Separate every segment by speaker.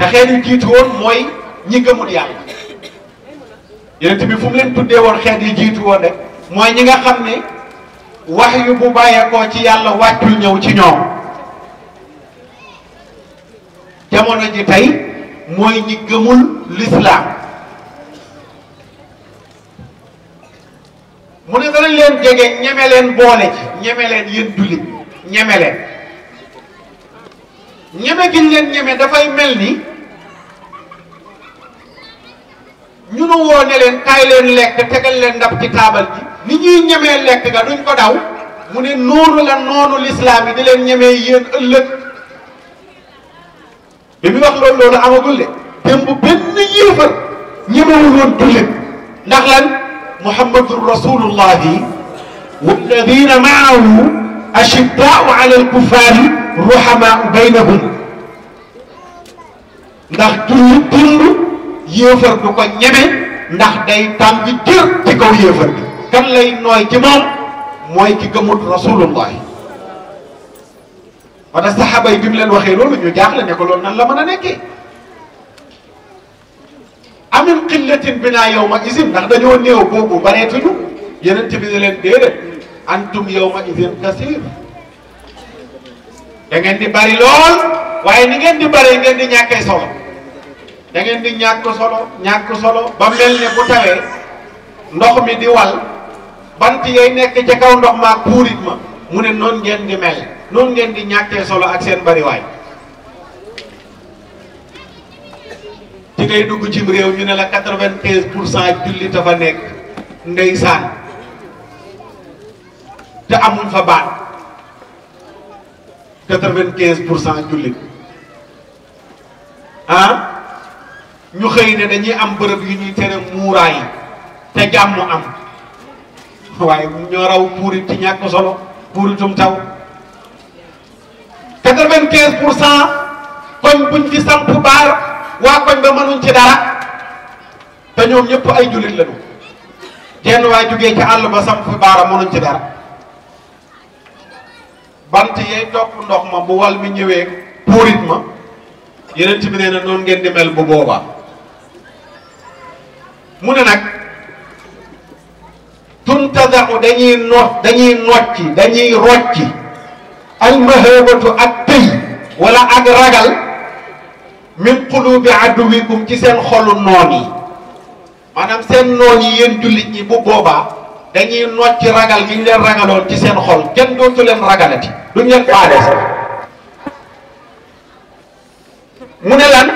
Speaker 1: te xeet yi jiitu woon mooy ñi gëmul yàlla yonent bi fu leen tuddee woon xeet yi jiitu woon rek mooy ñi nga xam ne wax yu bu bàyyeekoo ci yàlla wàccul ñëw ci ñoom jamono ji tey mooy ñi gëmul lislaam mu ne nga leen jege ñeme leen boole ci ñeme leen yéen jullit ñeme leen ñeme giñ leen ñeme dafay mel ni ñu nu woo ne leen kaay leen lekk tegal leen ndab ci taabal ji ni ñuy ñemee lekk ga duñ ko daw mu ne noonu la noonu lislaam yi di leen ñemee yéen ëllëg bi mu wax loolu loolu amagul de démb benn yéefar ñemewul woon jullit ndax lan muhammadur rasulullahi walladina maahu ashiddaau ala alkufaari ruhamaa baynahum ndax dund dund yéefar du ko ñeme ndax day tàng jër ci kaw yéefar bi kan lay nooy ci moom mooy ki gëmut rasulullah wala saxaaba yi bi mu leen waxee loolu ñu jaaxle ne ko loolu nan la mën a nekkee amin xillatin binaa yawma isin ndax dañoo néew boobu bareetuñu yeneen ci bi ne leen déedéet antum yawma isin kasir da ngeen di bari lool waaye ni ngeen di bari ngeen di ñàkkee solo da ngeen di ñàkk solo ñàkk solo ba mel ne bu tawee ndox mi di wal bant yay nekk ci kaw ndox maak puurit ma mu ne noonu ngeen di mel noonu ngeen di ñàkkee solo ak seen bariwaay ci ngay dugg cim réew ñu ne la quatre-vingt-quinze pour cent jullit a fa nekk ndeysaan te amuñ fa baat quatre-vingt-quinze pour cent jullit ah ñu xëy ne dañuy am bërëb yu ñuy tere muuraay te jàmm am waaye ñoo raw ti ci ñàkk solo puuritum taw quatre-vingt-quinze pour cent koñ buñ fi samp baar waa koñ ba mënuñ ci dara te ñoom ñëpp ay jullit lañu kenn waa jugee ci àll ba samp baara mënuñ ci dara bant yay topp ndox ma bu wal mi ñëwee puurit ma yeneen ci bi nee na ngeen di mel bu boobaa mu ne nag tuntadaxu dañuy noot dañuy nocci dañuy rocci almahabatu ak tëy wala ak ragal min qulubi aduwikum ci seen xolu noon yi maanaam seen noon yi yéen jullit ñi bu boobaa dañuy nocc ragal gi ñu leen ragaloon ci seen xol kenn dootu leen ragalati duñ leen faale sax mu ne lan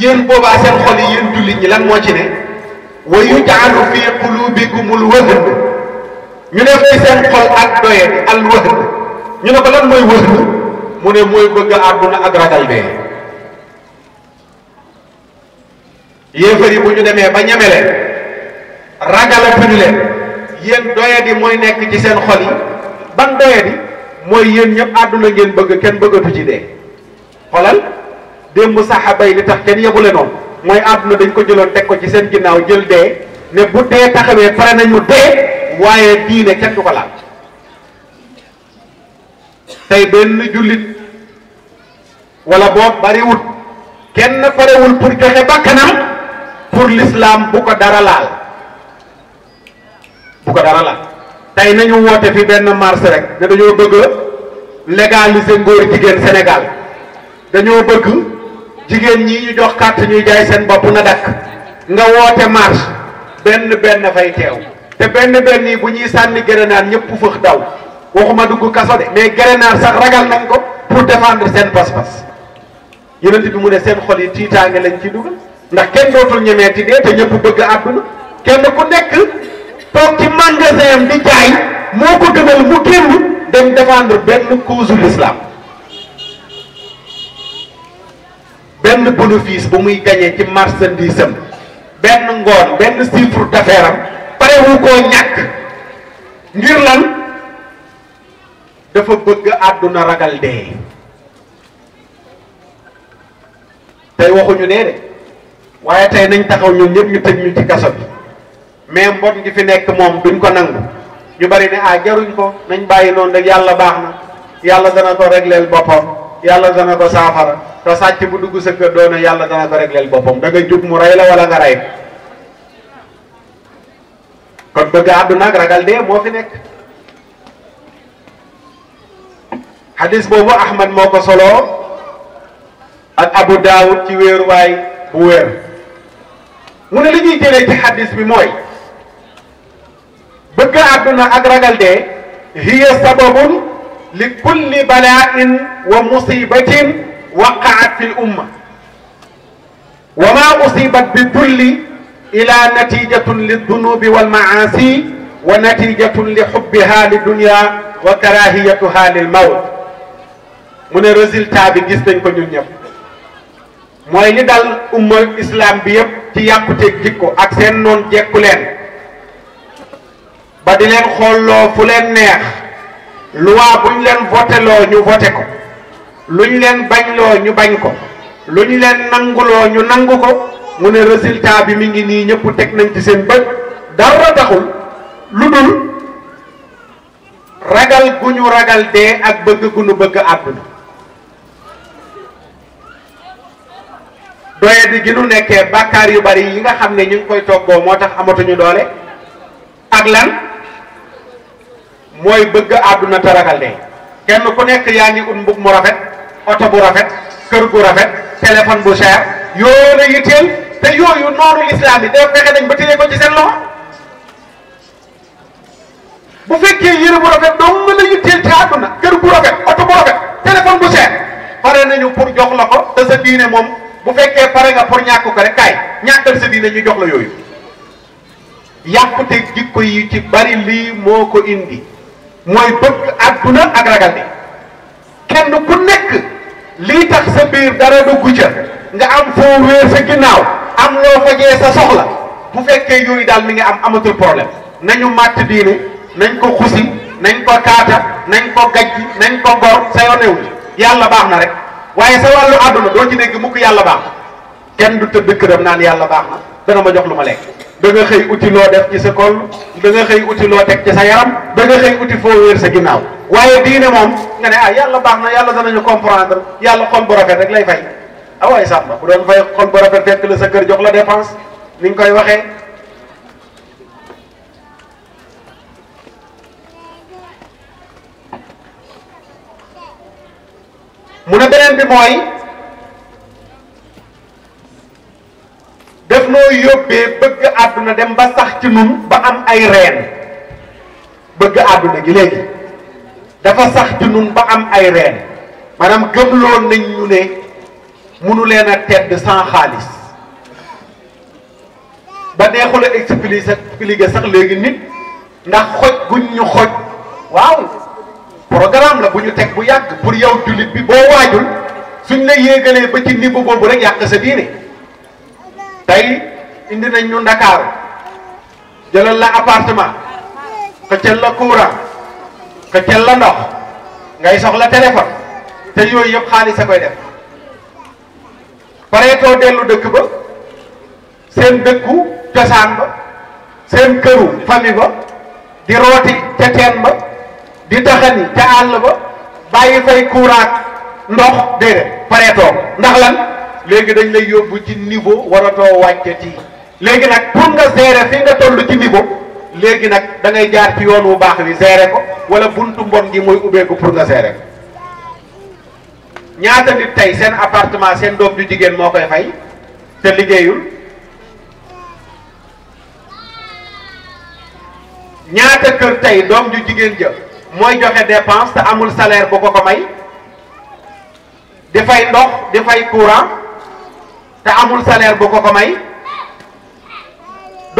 Speaker 1: yéen boobaa seen xol yi yéen jullit ñi lan moo ci ne wa yujaalu fi qulubikumul wahn ñu ne fay seen xol ak doye al wahn ñu ne ko lan mooy wahn mu ne mooy bëgg àdduna ak ragal bee yéefar yi bu ñu demee ba ñeme leen ragalatuñu leen yéen doyadi mooy nekk ci seen xol yi ban doyadi mooy yéen ñëpp àdduna ngeen bëgg kenn bëggatu ci dee xolal démb saxaaba yi li tax kenn yebu leen noonu mooy àdduna dañ ko jëloon teg ko ci seen ginnaaw jël dee ne bu dee taxawee pare nañu dee waaye diine kenn du ko laal tey benn jullit wala boobu bariwut kenn farewul pour joxe bakkanam pour lislaam bu ko dara laal bu ko dara la tey nañu woote fi benn marche rek ne dañoo bëgg légaliser ngóor jigéen Sénégal dañoo bëgg jigéen ñi ñu jox carte ñuy jaay seen bopp na dakk nga woote marche benn benn fay teew te benn benn yi bu ñuy sànni grenade ñëpp fëx daw waxuma dugg kaso de mais grenade sax ragal nañ ko pour défendre seen pas-pas yonent bi mu ne seen xol yi tiitaange lañ ci dugal ndax kenn dootul ñemee ti te ñëpp bëgg àdduna kenn ku nekk toog ci magasin am di jaay moo ko gënal mu génn dem défendre benn cause l'islam benn bénéfice bu muy gañee ci marchandise am benn ngoon benn chiffre d'affaires am koo ñàkk ngir lan dafa bëgg àdduna ragal dee tey waxuñu nee de waaye tey nañ taxaw ñun ñëpp ñu tëj ñu ci kaso bi mais mbot gi fi nekk moom duñ ko nangu ñu bari ne ah jaruñ ko nañ bàyyi noonu rek yàlla baax na yàlla dana ko régleel boppam yàlla dana ko saafara te sàcc bu dugg sa kër doona yàlla dana ko régleel boppam da nga jub mu rey la wala nga rey kon bëgg àdduna ak ragal dee moo fi nekk xadis boobu ahmad moo ko soloo ak abu daawud ci wéeruwaay bu wéer mu ne li ñuy jëlee ci xadis bi mooy bëgg àdduna ak ragal dee hiya sababun li wa musibatin waqaat fi l wa ma usibat bi ila natijatun li dunubi wal wa natijatun li xubbiha li wa karahiyatuha lil mu ne résultat bi gis nañ ko ñun ñëpp islam bi yëpp ci jikko ak seen noon jekku leen ba di leen xoolloo fu leen neex loi buñ leen voteloo ñu voté ko luñ leen bañloo ñu bañ ko ñu leen nanguloo ñu nangu ko mu ne résultat bi mi ngi nii ñëpp teg nañ ci seen bët dara taxul lu dul ragal gu ñu ragal dee ak bëgg gu ñu bëgg àdduna doye di gi nu nekkee bàkkaar yu bari yi nga xam ne ñu ngi koy toggoo moo tax amatuñu doole ak lan mooy bëgg àdduna te ragal kenn ku nekk yaa ngi ut mbub mu rafet oto bu rafet kër gu rafet téléphone bu cher yoo la yitteel te yooyu noonu lislaam yi da fexe nañ ba téye ko ci seen loxo bu fekkee yére bu rafet dong la yitteel ci àdduna kër gu rafet oto bu rafet téléphone bu cher pare nañu pour jox la ko te sa diine moom bu fekkee pare nga pour ñàkk ko rek kaay ñàkkal sa diine ñu jox la yooyu yàqute jikko yi ci bari lii moo ko indi mooy bëgg àdduna ak ragal bi kenn ku nekk lii tax sa biir dara dugg ca nga am foo wéer sa ginnaaw am loo fajee sa soxla bu fekkee yooyu daal mi ngi am amatul problème nañu màtt diine nañ ko xusi nañ ko kaata nañ ko gaj nañ ko gor sa yonew yàlla baax na rek waaye sa wàllu àdduna doo ci dégg mukk yàlla baax na kenn du tëdd këram naan yàlla baax na dana ma jox lu ma lekk da nga xëy uti loo def ci sa kol da nga xëy uti loo teg ci sa yaram da xëy uti foo wéer sa ginnaaw waaye diine moom nga ne ah yàlla baax na yàlla danañu comprendre yàlla xol bu rafet rek lay fay ah waaye sàmm bu doon fay xol bu rafet fekk la sa kër jox la dépense ni nga koy waxee mu ne beneen bi mooy def noo yóbbee bëgg àdduna dem ba sax ci nun ba am ay reen bëgg àdduna gi léegi dafa sax ci nun ba am ay reen maanaam gëmloon nañu ñu ne mënu leen a tedd sans xaalis ba neexul a expliquer sax léegi nit ndax xoj guñ ñu xoj waaw programme la bu ñu teg bu yàgg pour yow jullit bi boo waajul suñ la yéegalee ba ci niveau boobu rek yàq sa diine tey indi nañ ñu Ndakaaru jëlal la appartement xëccal la courant xëccal la ndox ngay soxla téléphone te yooyu yëpp xaalis a koy def pareetoo dellu dëkk ba seen dëkku cosaan ba seen këru famille ba di rooti ca teen ba di taxani ca àll ba bàyyi fay courant ndox déedéet pareetoo ndax lan léegi dañ lay yóbbu ci niveau waratoo wàcc ci léegi nag pour nga gérer fi nga tollu ci niveau léegi nag dangay ngay jaar ci yoon wu baax wi seere ko wala buntu mbon gi mooy ubbeeku pour nga gérer ko ñaata nit tey seen appartement seen doom ju jigéen moo koy fay te liggéeyul ñaata kër tey doom ju jigéen ja mooy joxe dépense te amul salaire bu ko ko may di fay ndox di fay courant te amul salaire bu ko ko may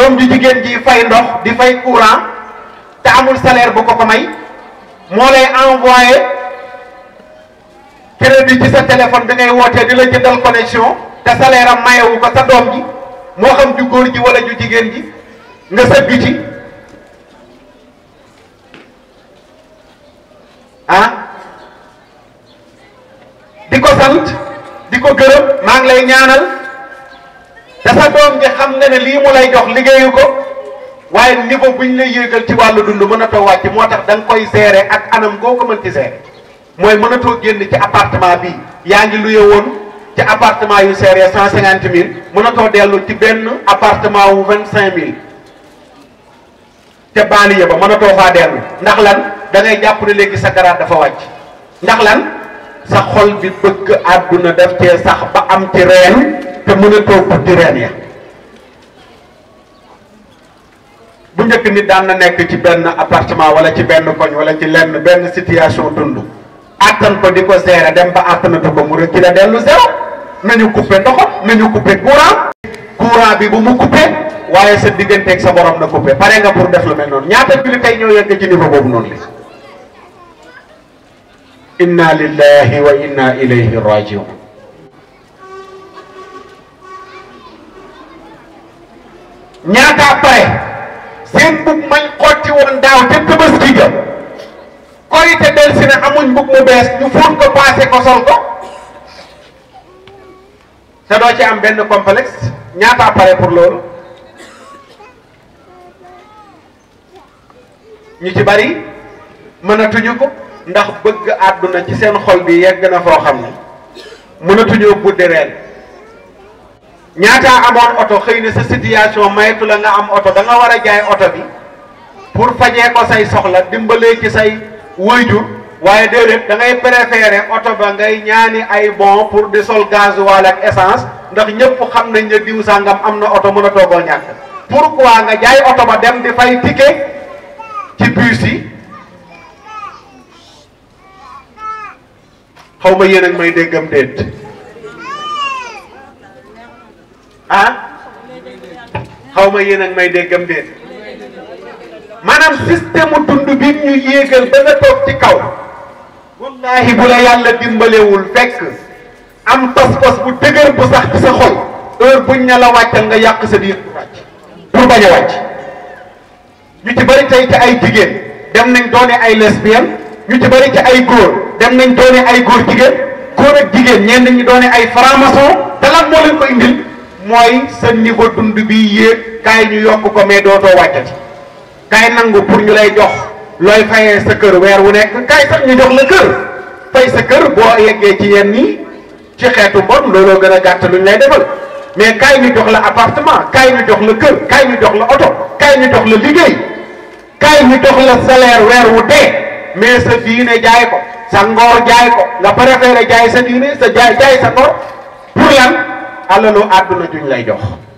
Speaker 1: doom ju jigéen ji fay ndox di fay courant te amul salaire bu ko ko may moo lay envoyé crédit ci sa téléphone bi ngay wootee di la jëndal connexion te salaire am mayewu ko sa doom ji moo xam ju góor ji wala ju jigéen ji nga sëgg ci ah di ko sant di ko gërëm maa ngi lay ñaanal te doom xam ne ne lii mu lay jox liggéeyu ko waaye bu buñ lay yéegal ci wàllu dund mënatoo wàcc moo tax da nga koy gérer ak anam goo ko mën ci gérer mooy mënatoo génn ci appartement bi yaa ngi luye woon ci appartement yu seeree cent cinquante mille mënatoo dellu ci benn appartement wu vingt cinq mille te banlieue ba mënatoo faa dellu ndax lan da jàpp ne léegi sa garaat dafa wàcc ndax lan sa xol bi bëgg àdduna def cee sax ba am ci reen te mënatoo buddi reen bu njëkk nit daan na nekk ci benn appartement wala ci benn koñ wala ci lenn benn situation dund attan ko di ko gérer dem ba attanatu ko mu rek ci la dellu zéro nañu coupé ndoxam nañu coupé courant courant bi bu mu coupé waaye sa digganteeg sa borom na coupé pare nga pour def lu mel noonu ñaata jullit tey ñoo yegg ci niveau boobu noonu li inna lillahi wa inna ilayhi rajiun ñaata pare bu bees ko paase ko ko te doo ci am benn complexe ñaata pare pour loolu ñu ci bari mënatuñu ko ndax bëgg àdduna ci seen xol bi yegg na foo xam ne mënatuñoo budde reen ñaataa amoon oto xëy na sa situation maytu la nga am oto da war a jaay oto bi pour fajee ko say soxla dimbalee ci say waajur waaye déedéet da ngay préféré oto ba ngay ñaani ay bon pour di sol gasoil ak essence ndax ñëpp xam nañ ne diw sàngam am na oto mën a toogoo ñàkk. pourquoi nga jaay oto ba dem di fay ticket ci bus yi xaw ma yéen ak may déggam déet ah ma yéen may déggam déet maanaam système mu dund ñu yéegal ba nga toog ci kaw. wallaahi bu la yàlla dimbalewul fekk am pas-pas bu dëgër bu sax ci sa xol heure buñ ne la wàccal nga yàq sa diir pour wàcc pour bañ a wàcc ñu ci bëri tey te ay jigéen dem nañ doone ay lesbienne ñu ci bëri ci ay góor dem nañ doone ay góor jigéen góor ak jigéen ñenn ñi doone ay franc te lan moo leen ko indil mooy sa niveau dund bi yéeg kaay ñu yokk ko mais dootoo wàccati kaay nangu pour ñu lay jox looy fayee sa kër weer wu nekk kaay sax ñu jox la kër fay sa kër boo yeggee ci yenn yi ci xeetu mbon looloo gën a gàtt luñ lay defal mais kaay ñu jox la appartement kaay ñu jox la kër kaay ñu jox la oto kaay ñu jox la liggéey kaay ñu jox la salaire weer wu dee mais sa diine jaay ko sa ngoor jaay ko nga préféré jaay sa diine sa jaay jaay sa ngoor pour lan alalu àdduna juñ lay jox